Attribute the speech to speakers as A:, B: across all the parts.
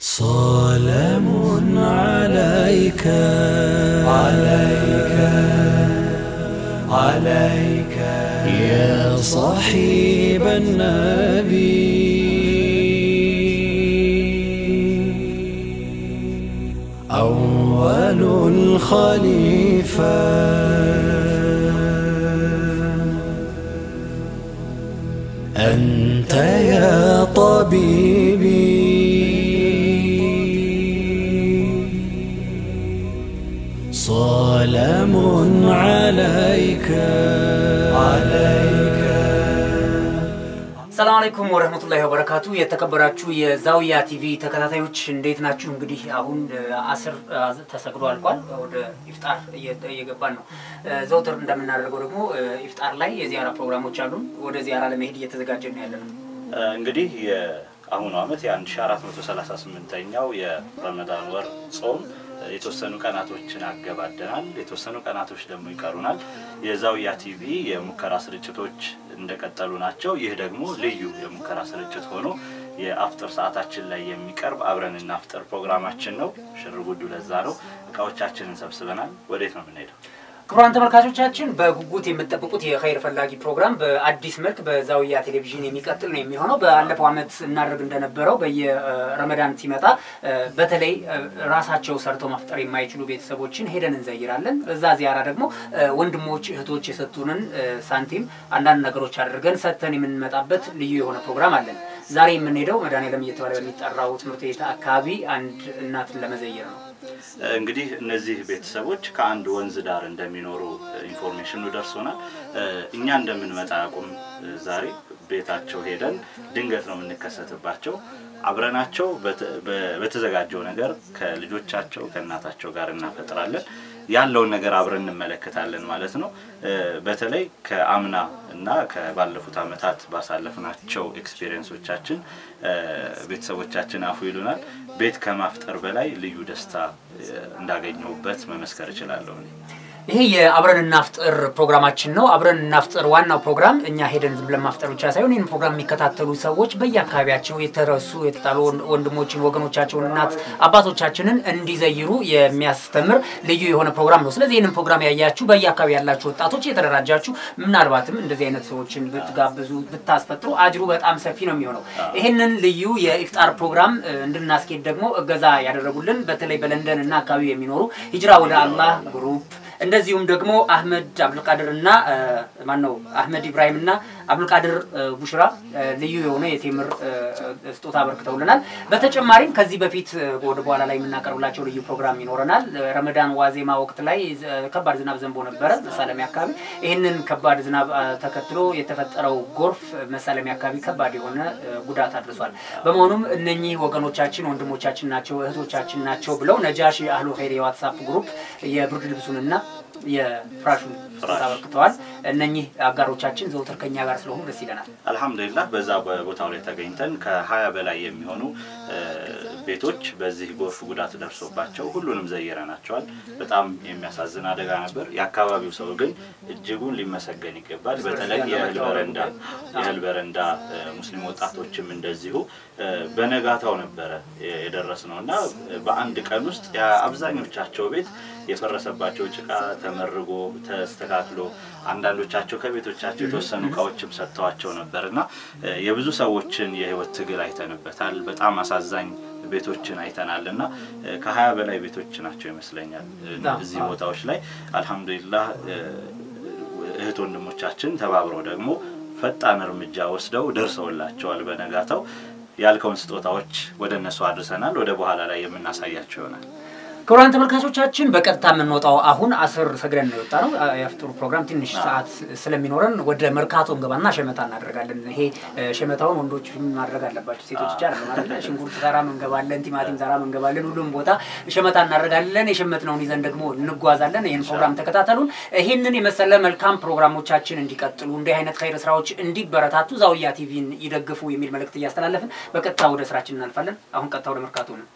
A: سلام عليك عليك عليك يا صاحب النبي أول الخليفة أنت يا طبيب سلام عليك عليك
B: ሰላም አለይኩም ወረህመቱላሂ ወበረካቱ። የተከበራችሁ የዛውያ ቲቪ ተከታታዮች እንዴት ናችሁ? እንግዲህ አሁን አስር ተሰግዶ አልቋል። ወደ ኢፍጣር እየገባን ነው። ዘውትር እንደምናደርገው ደግሞ ኢፍጣር ላይ የዚያራ ፕሮግራሞች አሉን። ወደ ዚያራ ለመሄድ እየተዘጋጀ ነው ያለን።
C: እንግዲህ የአሁኑ አመት የ1438ኛው የረመዳን ወር ጾም የተወሰኑ ቀናቶችን አገባደናል። የተወሰኑ ቀናቶች ደግሞ ይቀሩናል። የዛውያ ቲቪ የሙከራ ስርጭቶች እንደቀጠሉ ናቸው። ይህ ደግሞ ልዩ የሙከራ ስርጭት ሆኖ የአፍጥር ሰዓታችን ላይ የሚቀርብ አብረን እናፍጥር ፕሮግራማችን ነው። ሽርጉዱ ለዛ ነው። እቃዎቻችንን ሰብስበናል። ወዴት ነው የምንሄደው?
B: ክቡራን ተመልካቾቻችን በጉጉት የምትጠብቁት የኸይር ፈላጊ ፕሮግራም በአዲስ መልክ በዛውያ ቴሌቪዥን የሚቀጥል ነው የሚሆነው። በአለፈው ዓመት እናደርግ እንደነበረው በየረመዳን ሲመጣ በተለይ ራሳቸው ሰርተው መፍጠር የማይችሉ ቤተሰቦችን ሄደን እንዘይራለን። እዛ ዚያራ ደግሞ ወንድሞች እህቶች የሰጡንን ሳንቲም አንዳንድ ነገሮች አድርገን ሰጥተን የምንመጣበት ልዩ የሆነ ፕሮግራም አለን። ዛሬ የምንሄደው መድኃኔዓለም እየተባለ በሚጠራው ትምህርት ቤት አካባቢ አንድ እናትን ለመዘየር ነው።
C: እንግዲህ እነዚህ ቤተሰቦች ከአንድ ወንዝ ዳር እንደሚኖሩ ኢንፎርሜሽኑ ደርሶናል። እኛ እንደምንመጣ ያውቁም። ዛሬ ቤታቸው ሄደን ድንገት ነው የምንከሰትባቸው። አብረናቸው በተዘጋጀው ነገር ከልጆቻቸው ከእናታቸው ጋር እናፈጥራለን። ያለውን ነገር አብረን እንመለከታለን ማለት ነው። በተለይ ከአምና እና ከባለፉት አመታት ባሳለፍናቸው ኤክስፔሪየንሶቻችን ቤተሰቦቻችን አፉ ይሉናል ቤት ከማፍጠር በላይ ልዩ ደስታ እንዳገኘሁበት መመስከር እችላለሁ።
B: ይሄ የአብረን እናፍጥር ፕሮግራማችን ነው። አብረን እናፍጥር ዋናው ፕሮግራም እኛ ሄደን ዝም ብለን ማፍጠር ብቻ ሳይሆን ይህን ፕሮግራም የሚከታተሉ ሰዎች በየአካባቢያቸው የተረሱ የተጣሉ ወንድሞችን፣ ወገኖቻቸውን፣ እናት አባቶቻችንን እንዲዘይሩ የሚያስተምር ልዩ የሆነ ፕሮግራም ነው። ስለዚህ ይህንን ፕሮግራም ያያችሁ በየአካባቢ ያላችሁ ወጣቶች የተደራጃችሁ ምናልባትም እንደዚህ አይነት ሰዎችን ብትጋብዙ ብታስፈጥሩ አጅሩ በጣም ሰፊ ነው የሚሆነው። ይህንን ልዩ የኢፍጣር ፕሮግራም እንድናስኬድ ደግሞ እገዛ ያደረጉልን በተለይ በለንደን እና አካባቢ የሚኖሩ ሂጅራ ወደ አላህ ግሩፕ እንደዚሁም ደግሞ አህመድ አብዱልቃድር እና ማን ነው አህመድ ኢብራሂም እና አብዱልቃድር ቡሽራ ልዩ የሆነ የቴምር ስጦታ አበርክተውልናል። በተጨማሪም ከዚህ በፊት ወደ በኋላ ላይ የምናቀርብላቸው ልዩ ፕሮግራም ይኖረናል። ረመዳን ዋዜማ ወቅት ላይ ከባድ ዝናብ ዘንቦ ነበረ መሳለሚያ አካባቢ። ይህንን ከባድ ዝናብ ተከትሎ የተፈጠረው ጎርፍ መሳለሚያ አካባቢ ከባድ የሆነ ጉዳት አድርሷል። በመሆኑም እነኚህ ወገኖቻችን ወንድሞቻችን ናቸው እህቶቻችን ናቸው ብለው ነጃሽ አህሎ ኸይር የዋትሳፕ ግሩፕ የብርድ ልብሱንና የፍራሹ ስጦታ አበርክተዋል። እነኚህ አጋሮቻችን ዘውትር ከኛ ጋር ስለሆኑ ደስ ይለናል።
C: አልሐምዱሊላህ በዛ በቦታው ላይ ተገኝተን ከሀያ በላይ የሚሆኑ ቤቶች በዚህ ጎርፍ ጉዳት ደርሶባቸው ሁሉንም ዘይረናቸዋል። በጣም የሚያሳዝን አደጋ ነበር። የአካባቢው ሰው ግን እጅጉን ሊመሰገን ይገባል። በተለይ የእህል በረንዳ ሙስሊም ወጣቶችም እንደዚሁ በነጋታው ነበረ የደረስ ነው እና በአንድ ቀን ውስጥ የአብዛኞቻቸው ቤት የፈረሰባቸው ጭቃ ተመርጎ ተስተካክሎ አንዳንዶቻቸው ከቤቶቻቸው የተወሰኑ እቃዎችም ሰጥተዋቸው ነበር እና የብዙ ሰዎችን የህይወት ትግል አይተንበታል። በጣም አሳዛኝ ቤቶችን አይተናል እና ከሀያ በላይ ቤቶች ናቸው ይመስለኛል እዚህ ቦታዎች ላይ አልሐምዱሊላህ እህት ወንድሞቻችን ተባብረው ደግሞ ፈጣን እርምጃ ወስደው ደርሰውላቸዋል። በነጋታው ያልከውን ስጦታዎች ወደ እነሱ አድርሰናል። ወደ በኋላ ላይ የምናሳያቸው ይሆናል።
B: ክቡራን ተመልካቾቻችን በቀጥታ የምንወጣው አሁን አስር ሰግደን ነው የወጣ ነው። የፍጡር ፕሮግራም ትንሽ ሰዓት ስለሚኖረን ወደ መርካቶ እንገባና ሸመታ እናደርጋለን። ይሄ ሸመታውን ወንዶች ማድረግ አለባቸው፣ ሴቶች ብቻ ማለት ነው። ሽንኩርት ተራም እንገባለን፣ ቲማቲም ተራም እንገባለን። ሁሉም ቦታ ሸመታ እናደርጋለን። የሸመትነውን ይዘን ደግሞ እንጓዛለን። ይህን ፕሮግራም ተከታተሉን። ይህንን የመሰለ መልካም ፕሮግራሞቻችን እንዲቀጥሉ እንዲህ አይነት ኸይር ስራዎች እንዲበረታቱ ዛውያ ቲቪን ይደግፉ የሚል መልእክት እያስተላለፍን በቀጥታ ወደ ስራችን እናልፋለን። አሁን ቀጥታ ወደ መርካቶ ነው።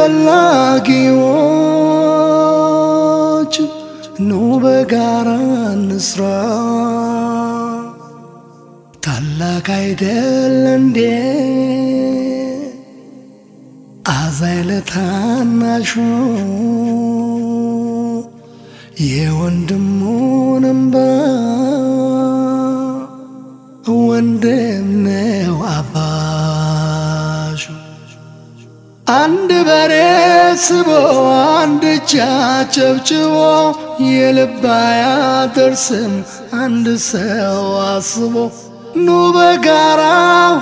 B: ፈላጊዎች ኑ በጋራ እንስራ። ታላቅ አይደል እንዴ አዛይ ለታናሹ የወንድሙን ወንድም ነው አንድ በሬ ስቦ አንድ ቻ ጨብጭቦ የልባ ያደርስም አንድ ሰው አስቦ ኑ በጋራ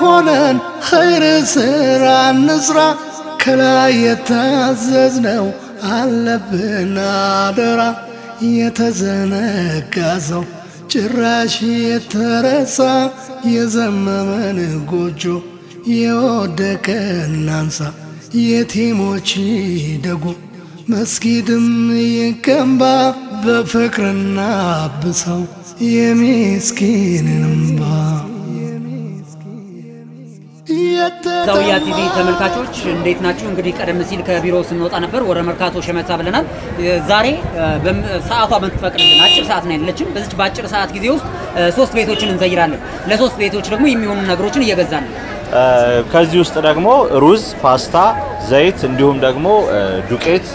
B: ሆነን ኸይር ስራ እንስራ፣ ከላይ የታዘዝነው አለብን አደራ። የተዘነጋ ሰው ጭራሽ የተረሳ የዘመመን ጎጆ የወደቀ እናንሳ የቲሞች ደጉ መስጊድም ይገንባ በፍቅርና አብሰው የሚስኪንንባ ዘውዲያ ቲቪ ተመልካቾች እንዴት ናችሁ? እንግዲህ ቀደም ሲል ከቢሮ ስንወጣ ነበር ወደ መርካቶ ሸመታ ብለናል። ዛሬ ሰዓቷ በምትፈቅድልን አጭር ሰዓት ነው ያለችን። በዚች በአጭር ሰዓት ጊዜ ውስጥ ሶስት ቤቶችን እንዘይራለን። ለሶስት ቤቶች ደግሞ የሚሆኑ ነገሮችን እየገዛ። ነው።
C: ከዚህ ውስጥ ደግሞ ሩዝ፣ ፓስታ፣ ዘይት እንዲሁም ደግሞ ዱቄት፣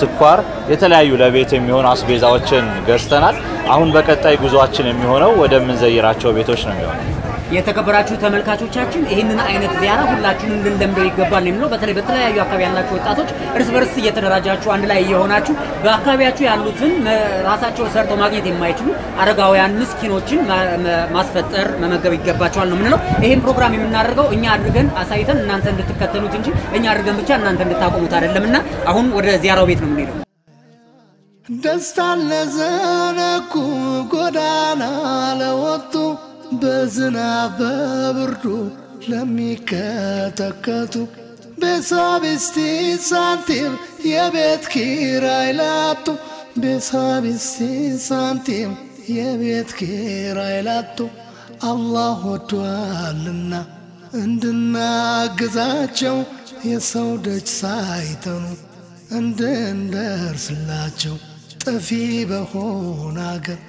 C: ስኳር፣ የተለያዩ ለቤት የሚሆኑ አስቤዛዎችን ገዝተናል። አሁን በቀጣይ ጉዟችን የሚሆነው ወደምንዘይራቸው ቤቶች ነው የሚሆነው።
B: የተከበራችሁ ተመልካቾቻችን ይህንን አይነት ዚያራ ሁላችሁም ልንለምደው ይገባል የሚለው በተለይ በተለያዩ አካባቢ ያላችሁ ወጣቶች እርስ በርስ እየተደራጃችሁ አንድ ላይ እየሆናችሁ በአካባቢያችሁ ያሉትን ራሳቸው ሰርተው ማግኘት የማይችሉ አረጋውያን ምስኪኖችን ማስፈጠር መመገብ ይገባቸዋል ነው ምንለው። ይህን ፕሮግራም የምናደርገው እኛ አድርገን አሳይተን እናንተ እንድትከተሉት እንጂ እኛ አድርገን ብቻ እናንተ እንድታቆሙት አይደለም እና አሁን ወደ ዚያራው ቤት ነው የምንሄደው። ደስታ ለዘነኩ ጎዳና ለወጡ በዝናብ በብርዱ ለሚከተከቱ ቤሳቢስቲ ሳንቲም የቤት ኪራይ ላጡ ቤሳቢስቲ ሳንቲም የቤት ኪራይ ላጡ አላህ ወዷልና እንድናግዛቸው የሰው ደጅ ሳይተኑ እንድንደርስላቸው ጠፊ በሆነ አገር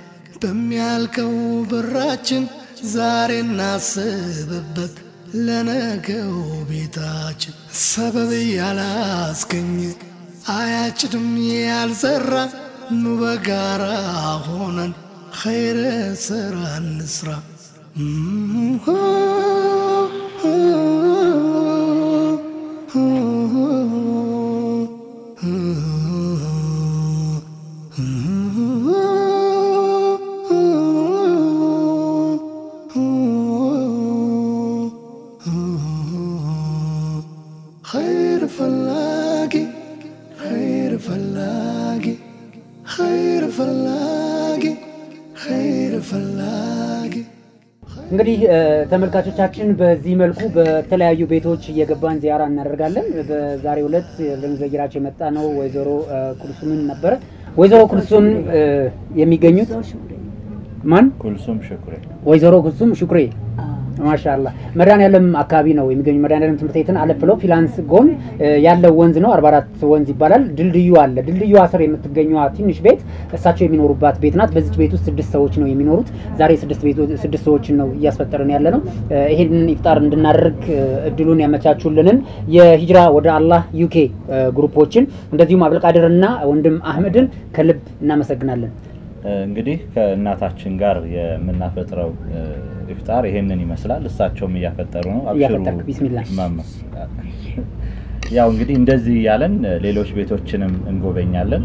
B: በሚያልቀው ብራችን ዛሬ እናስብበት ለነገው ቤታችን ሰበብ ያላስገኝ አያጭድም ያልዘራ ኑ በጋራ ሆነን ኸይረ ስራ እንስራ እንግዲህ ተመልካቾቻችን በዚህ መልኩ በተለያዩ ቤቶች እየገባን ዚያራ እናደርጋለን። በዛሬው ዕለት ልንዘይራቸው የመጣ ነው ወይዘሮ ኩልሱምን ነበረ። ወይዘሮ ኩልሱም የሚገኙት ማን?
D: ኩልሱም ሽኩሬ።
B: ወይዘሮ ኩልሱም ሽኩሬ ማሻላ መድኃኒዓለም አካባቢ ነው የሚገኙ። መድኃኒዓለም ትምህርት ቤትን አለፍ ብለው ፊላንስ ጎን ያለው ወንዝ ነው፣ 44 ወንዝ ይባላል። ድልድዩ አለ። ድልድዩ አስር የምትገኘዋ ትንሽ ቤት እሳቸው የሚኖሩባት ቤት ናት። በዚች ቤት ውስጥ ስድስት ሰዎች ነው የሚኖሩት። ዛሬ ስድስት ሰዎችን ነው እያስፈጠርን ያለ ነው። ይህንን ኢፍጣር እንድናደርግ እድሉን ያመቻቹልንን የሂጅራ ወደ አላህ ዩኬ ግሩፖችን እንደዚሁም አብልቃድርና ወንድም አህመድን ከልብ እናመሰግናለን።
C: እንግዲህ ከእናታችን ጋር የምናፈጥረው ኢፍጣር ይሄንን ይመስላል። እሳቸውም እያፈጠሩ ነው።
B: አብሽሩ ቢስሚላህ
C: ያው እንግዲህ እንደዚህ እያለን ሌሎች ቤቶችንም እንጎበኛለን።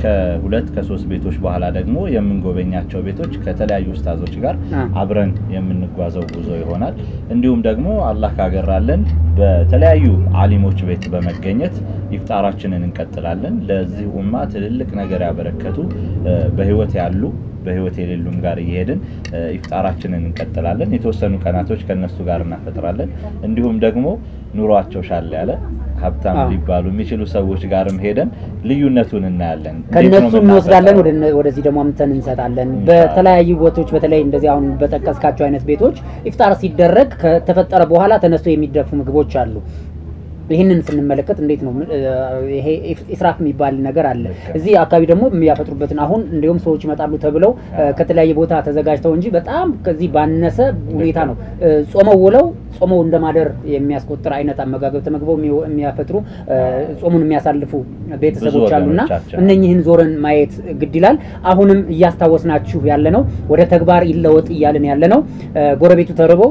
C: ከሁለት ከሶስት ቤቶች በኋላ ደግሞ የምንጎበኛቸው ቤቶች ከተለያዩ ውስታዞች ጋር አብረን የምንጓዘው ጉዞ ይሆናል። እንዲሁም ደግሞ አላህ ካገራለን በተለያዩ አሊሞች ቤት በመገኘት ይፍጣራችንን እንቀጥላለን። ለዚህ ኡማ ትልልቅ ነገር ያበረከቱ በህይወት ያሉ በህይወት የሌሉም ጋር እየሄድን ኢፍጣራችንን እንቀጥላለን። የተወሰኑ ቀናቶች ከነሱ ጋር እናፈጥራለን። እንዲሁም ደግሞ ኑሯቸው ሻል ያለ ሀብታም ሊባሉ የሚችሉ ሰዎች ጋርም ሄደን ልዩነቱን እናያለን።
B: ከነሱ እንወስዳለን፣ ወደዚህ ደግሞ አምተን እንሰጣለን። በተለያዩ ቦታዎች በተለይ እንደዚህ አሁን በጠቀስካቸው አይነት ቤቶች ኢፍጣር ሲደረግ ከተፈጠረ በኋላ ተነስቶ የሚደፉ ምግቦች አሉ። ይህንን ስንመለከት እንዴት ነው ይሄ ኢስራፍ የሚባል ነገር አለ። እዚህ አካባቢ ደግሞ የሚያፈጥሩበትን አሁን እንዲሁም ሰዎች ይመጣሉ ተብለው ከተለያየ ቦታ ተዘጋጅተው እንጂ በጣም ከዚህ ባነሰ ሁኔታ ነው ጾመው ውለው ጾመው እንደማደር የሚያስቆጥር አይነት አመጋገብ ተመግበው የሚያፈጥሩ ጾሙን የሚያሳልፉ ቤተሰቦች አሉና እነኚህን ዞረን ማየት ግድ ይላል። አሁንም እያስታወስናችሁ ያለ ነው። ወደ ተግባር ይለወጥ እያለን ያለ ነው። ጎረቤቱ ተርቦ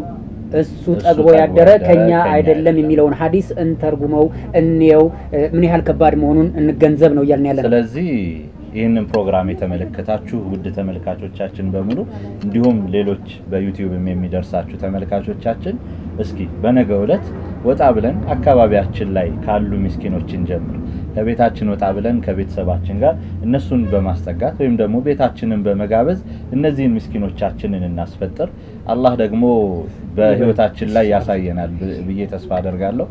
B: እሱ ጠግቦ ያደረ ከኛ አይደለም የሚለውን ሀዲስ እንተርጉመው፣ እንየው፣ ምን ያህል ከባድ መሆኑን እንገንዘብ ነው እያልን ያለ
C: ስለዚህ ይህንን ፕሮግራም የተመለከታችሁ ውድ ተመልካቾቻችን በሙሉ እንዲሁም ሌሎች በዩቲዩብም የሚደርሳችሁ ተመልካቾቻችን እስኪ በነገ ዕለት ወጣ ብለን አካባቢያችን ላይ ካሉ ምስኪኖችን ጀምር ከቤታችን ወጣ ብለን ከቤተሰባችን ጋር እነሱን በማስጠጋት ወይም ደግሞ ቤታችንን በመጋበዝ እነዚህን ምስኪኖቻችንን እናስፈጥር። አላህ ደግሞ በህይወታችን ላይ ያሳየናል ብዬ ተስፋ አደርጋለሁ።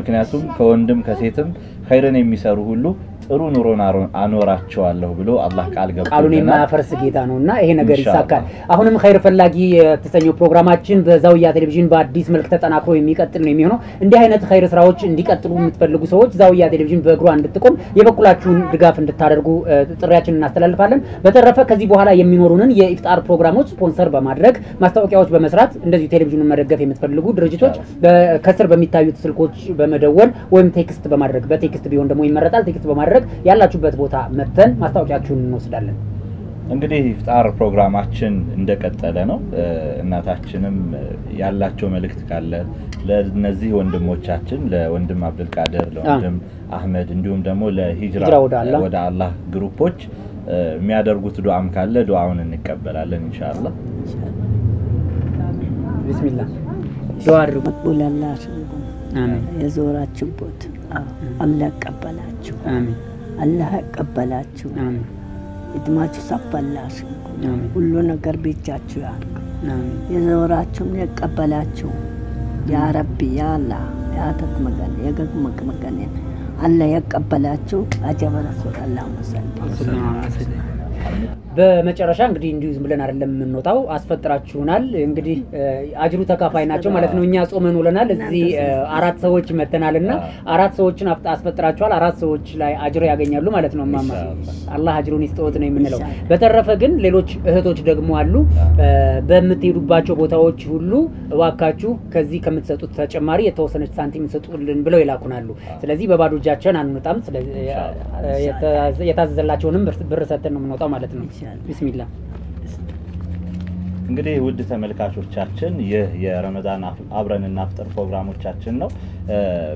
C: ምክንያቱም ከወንድም ከሴትም ኸይርን የሚሰሩ ሁሉ ጥሩ ኑሮን አኖራቸዋለሁ ብሎ አላህ ቃል ገብቶ
B: ቃሉን የማያፈርስ ጌታ ነው እና ይሄ ነገር ይሳካል። አሁንም ኸይር ፈላጊ የተሰኘው ፕሮግራማችን በዛውያ ቴሌቪዥን በአዲስ መልክ ተጠናክሮ የሚቀጥል ነው የሚሆነው። እንዲህ አይነት ኸይር ስራዎች እንዲቀጥሉ የምትፈልጉ ሰዎች ዛውያ ቴሌቪዥን በእግሯ እንድትቆም የበኩላችሁን ድጋፍ እንድታደርጉ ጥሪያችን እናስተላልፋለን። በተረፈ ከዚህ በኋላ የሚኖሩንን የኢፍጣር ፕሮግራሞች ስፖንሰር በማድረግ ማስታወቂያዎች በመስራት እንደዚሁ ቴሌቪዥኑን መደገፍ የምትፈልጉ ድርጅቶች ከስር በሚታዩት ስልኮች በመደወል ወይም ቴክስት በማድረግ በቴክስት ቢሆን ደግሞ ይመረጣል ቴክስት በማድረግ በማድረግ ያላችሁበት ቦታ መጥተን ማስታወቂያችሁን እንወስዳለን።
C: እንግዲህ ፍጣር ፕሮግራማችን እንደቀጠለ ነው። እናታችንም ያላቸው መልእክት ካለ ለነዚህ ወንድሞቻችን ለወንድም አብዱልቃድር፣ ለወንድም አህመድ እንዲሁም ደግሞ ለሂጅራ ወደ አላህ ግሩፖች የሚያደርጉት ዱዓም ካለ ዱዓውን እንቀበላለን እንሻላ።
B: ቢስሚላ ዱዓ አድርጉ።
E: የዞራችሁበት አላህ ቀበላችሁ። አሜን አላህ ያቀበላችሁ፣ እድማችሁ ሰፋላችሁ፣ ሁሉ ነገር ቤጃችሁ ያርግ፣ የዘወራችሁም ያቀበላችሁ። ያ ረቢ ያ አላህ የአተት መገን የገግ መገኔን አላህ ያቀበላችሁ። አጀበ ረሱል አላሁ መሰል
B: በመጨረሻ እንግዲህ እንዲሁ ዝም ብለን አይደለም የምንወጣው፣ አስፈጥራችሁናል። እንግዲህ አጅሩ ተካፋይ ናቸው ማለት ነው። እኛ ጾመን ውለናል። እዚህ አራት ሰዎች መተናል እና አራት ሰዎችን አስፈጥራችኋል። አራት ሰዎች ላይ አጅሮ ያገኛሉ ማለት ነው። ማማ አላህ አጅሩን ይስጠወት ነው የምንለው። በተረፈ ግን ሌሎች እህቶች ደግሞ አሉ። በምትሄዱባቸው ቦታዎች ሁሉ እባካችሁ ከዚህ ከምትሰጡት ተጨማሪ የተወሰነች ሳንቲም ሰጡልን ብለው ይላኩናሉ። ስለዚህ በባዶ እጃችን አንወጣም። የታዘዘላቸውንም ብር ሰተን ነው የምንወጣው ማለት ነው። ቢስሚላ
C: እንግዲህ ውድ ተመልካቾቻችን ይህ የረመዳን አብረን እናፍጥር ፕሮግራሞቻችን ነው።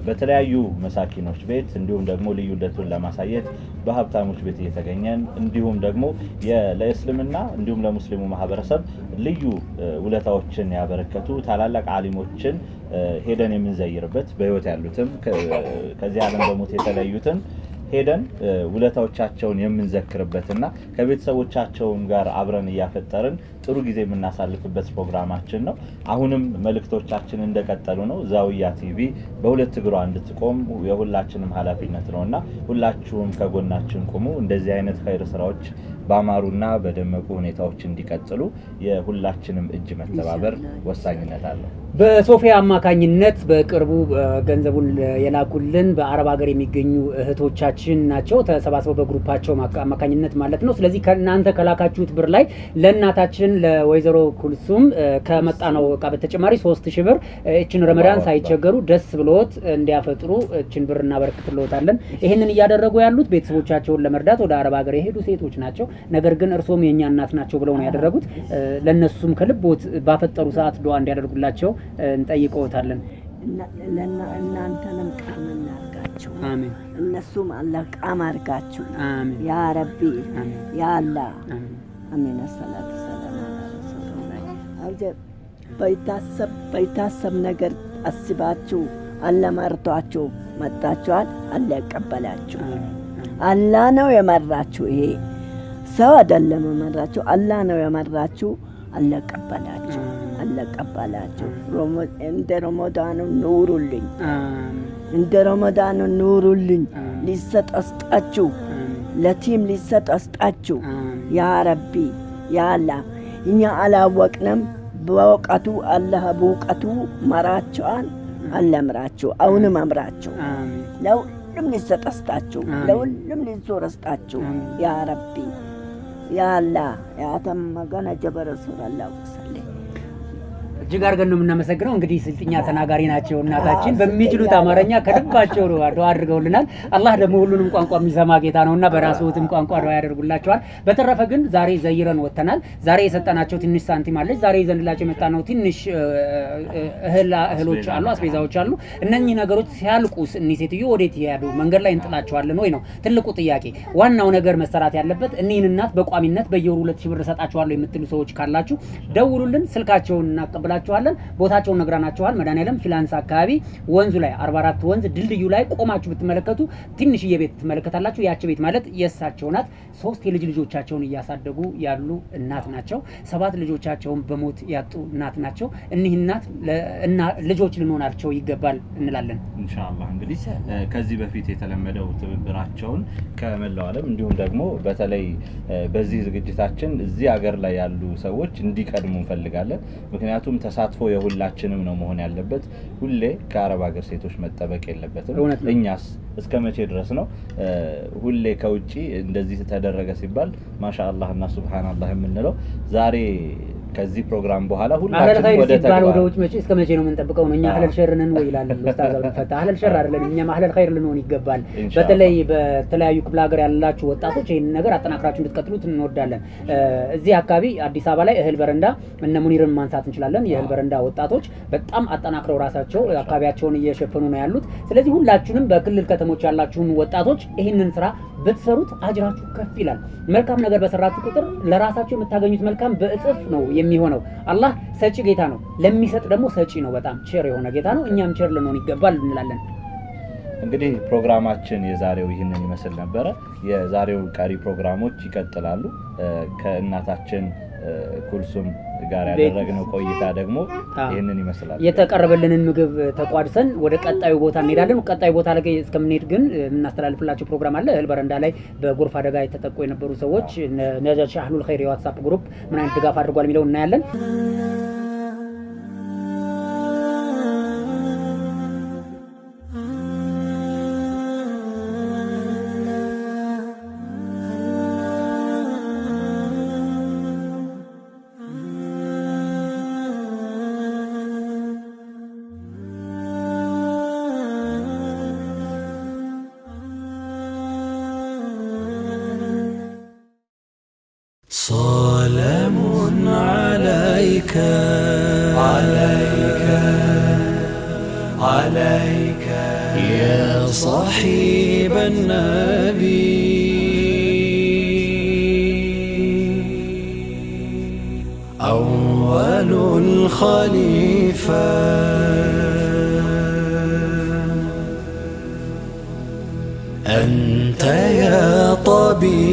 C: በተለያዩ መሳኪኖች ቤት እንዲሁም ደግሞ ልዩነቱን ለማሳየት በሀብታሞች ቤት እየተገኘን እንዲሁም ደግሞ ለእስልምና እንዲሁም ለሙስሊሙ ማህበረሰብ ልዩ ውለታዎችን ያበረከቱ ታላላቅ አሊሞችን ሄደን የምንዘይርበት በህይወት ያሉትም ከዚህ ዓለም በሞት የተለዩትን ሄደን ውለታዎቻቸውን የምንዘክርበትና ከቤተሰቦቻቸውም ጋር አብረን እያፈጠርን ጥሩ ጊዜ የምናሳልፍበት ፕሮግራማችን ነው። አሁንም መልእክቶቻችን እንደቀጠሉ ነው። ዛውያ ቲቪ በሁለት እግሯ እንድትቆም የሁላችንም ኃላፊነት ነው እና ሁላችሁም ከጎናችን ቁሙ። እንደዚህ አይነት ኸይር ስራዎች በአማሩና በደመቁ ሁኔታዎች እንዲቀጥሉ የሁላችንም እጅ መተባበር ወሳኝነት አለው።
B: በሶፊያ አማካኝነት በቅርቡ ገንዘቡን የላኩልን በአረብ ሀገር የሚገኙ እህቶቻችን ናቸው፣ ተሰባስበው በግሩፓቸው አማካኝነት ማለት ነው። ስለዚህ ከእናንተ ከላካችሁት ብር ላይ ለእናታችን ለወይዘሮ ኩልሱም ከመጣ ነው እቃ በተጨማሪ ሶስት ሺህ ብር እችን ረመዳን ሳይቸገሩ ደስ ብሎት እንዲያፈጥሩ እችን ብር እናበረክትልዎታለን። ይህንን እያደረጉ ያሉት ቤተሰቦቻቸውን ለመርዳት ወደ አረብ ሀገር የሄዱ ሴቶች ናቸው። ነገር ግን እርስዎም የእኛ እናት ናቸው ብለው ነው ያደረጉት። ለእነሱም ከልቦት ባፈጠሩ ሰዓት ዱዓ እንዲያደርጉላቸው እንጠይቀውታለን።
E: እናንተንም ቃም እናርጋችሁ፣ እነሱም አላህ ቃም አርጋችሁ ያ ረቢ ያ አላህ አሜን። አሰላት ሰላም በይታሰብ በይታሰብ ነገር አስባችሁ አለመርቷችሁ መጣችኋል። አለ ያቀበላችሁ አላህ ነው የመራችሁ። ይሄ ሰው አይደለም የመራችሁ፣ አላህ ነው የመራችሁ። አለ ያቀበላችሁ አለቀባላቸው። እንደ ረመዳኑ ኑሩልኝ፣ እንደ ረመዳኑ ኑሩልኝ። ሊሰጥ አስጣችሁ፣ ለቲም ሊሰጥ አስጣችሁ። ያ ረቢ ያላ እኛ አላወቅንም። በእውቀቱ አላህ በእውቀቱ መራቸዋን አለምራችሁ አሁንም አምራችሁ ለሁሉም ሊሰጥ አስጣችሁ፣ ለሁሉም ሊዞር አስጣችሁ። ያ ረቢ ያላ ያተመገነ ጀበረ تم جبر
B: እጅግ አድርገን ነው የምናመሰግነው። እንግዲህ ስልጥኛ ተናጋሪ ናቸው እናታችን፣ በሚችሉት አማርኛ ከልባቸው ዱዓ አድርገውልናል። አላህ ደግሞ ሁሉንም ቋንቋ የሚሰማ ጌታ ነውና በራስዎትም ቋንቋ ዱዓ ያደርጉላቸዋል። በተረፈ ግን ዛሬ ዘይረን ወጥተናል። ዛሬ የሰጠናቸው ትንሽ ሳንቲም አለች። ዛሬ ይዘንላቸው የመጣ ነው ትንሽ እህሎች አሉ፣ አስቤዛዎች አሉ። እነኚህ ነገሮች ሲያልቁስ እኒህ ሴትዮ ወዴት ይሄዳሉ? መንገድ ላይ እንጥላቸዋለን ወይ ነው ትልቁ ጥያቄ። ዋናው ነገር መሰራት ያለበት እኒህን እናት በቋሚነት በየወሩ ሁለት ሺህ ብር እሰጣቸዋለሁ የምትሉ ሰዎች ካላችሁ ደውሉልን፣ ስልካቸውን እናቀብላችሁ እንነግራችኋለን። ቦታቸውን ነግራናችኋል። መድኃኒዓለም ፊላንስ አካባቢ ወንዙ ላይ 44 ወንዝ ድልድዩ ላይ ቆማችሁ ብትመለከቱ ትንሽዬ ቤት ትመለከታላችሁ። ያቺ ቤት ማለት የእሳቸው ናት። ሶስት የልጅ ልጆቻቸውን እያሳደጉ ያሉ እናት ናቸው። ሰባት ልጆቻቸውን በሞት ያጡ እናት ናቸው። እኒህ እናት ልጆች ልንሆናቸው ይገባል እንላለን።
C: ኢንሻአላህ እንግዲህ ከዚህ በፊት የተለመደው ትብብራቸውን ከመላው ዓለም እንዲሁም ደግሞ በተለይ በዚህ ዝግጅታችን እዚህ ሀገር ላይ ያሉ ሰዎች እንዲቀድሙ እንፈልጋለን። ምክንያቱም ተሳትፎ የሁላችንም ነው መሆን ያለበት። ሁሌ ከአረብ ሀገር ሴቶች መጠበቅ የለበትም። እኛስ እስከ መቼ ድረስ ነው ሁሌ ከውጭ እንደዚህ ተደረገ ሲባል ማሻ አላህ እና ሱብሃናላህ የምንለው ዛሬ ከዚህ ፕሮግራም በኋላ
B: ሁላችን ወደ ተግባር ወደ ውጭ መጪ እስከ መቼ ነው የምንጠብቀው ነው? እኛ አህለል ሸር ነን ወይ ይላል ኡስታዝ አብዱል አህለል ሸር አይደለም፣ እኛም አህለል ኸይር ልንሆን ይገባል። በተለይ በተለያዩ ክፍለ ሀገር ያላችሁ ወጣቶች ይህን ነገር አጠናክራችሁ እንድትቀጥሉት እንወዳለን። እዚህ አካባቢ አዲስ አበባ ላይ እህል በረንዳ እነ ሙኒርን ማንሳት እንችላለን። የእህል በረንዳ ወጣቶች በጣም አጠናክረው ራሳቸው አካባቢያቸውን እየሸፈኑ ነው ያሉት። ስለዚህ ሁላችሁንም በክልል ከተሞች ያላችሁን ወጣቶች ይህንን ስራ ብትሰሩት አጅራችሁ ከፍ ይላል። መልካም ነገር በሰራችሁ ቁጥር ለራሳችሁ የምታገኙት መልካም በእጥፍ ነው የሚሆነው። አላህ ሰጪ ጌታ ነው፣ ለሚሰጥ ደግሞ ሰጪ ነው። በጣም ቸር የሆነ ጌታ ነው። እኛም ቸር ልንሆን ይገባል እንላለን።
C: እንግዲህ ፕሮግራማችን የዛሬው ይህንን ይመስል ነበረ። የዛሬው ቀሪ ፕሮግራሞች ይቀጥላሉ ከእናታችን ኩልሱም ጋር ያደረግነው ቆይታ ደግሞ ይህንን ይመስላል።
B: የተቀረበልንን ምግብ ተቋድሰን ወደ ቀጣዩ ቦታ እንሄዳለን። ቀጣዩ ቦታ ላይ እስከምንሄድ ግን የምናስተላልፍላቸው ፕሮግራም አለ። እህል በረንዳ ላይ በጎርፍ አደጋ የተጠቁ የነበሩ ሰዎች ነጃሽ አህሉል ኸይር የዋትሳፕ ግሩፕ ምን አይነት ድጋፍ አድርጓል የሚለው እናያለን።
A: عليك يا صحيب النبي أول الخليفه أنت يا طبيب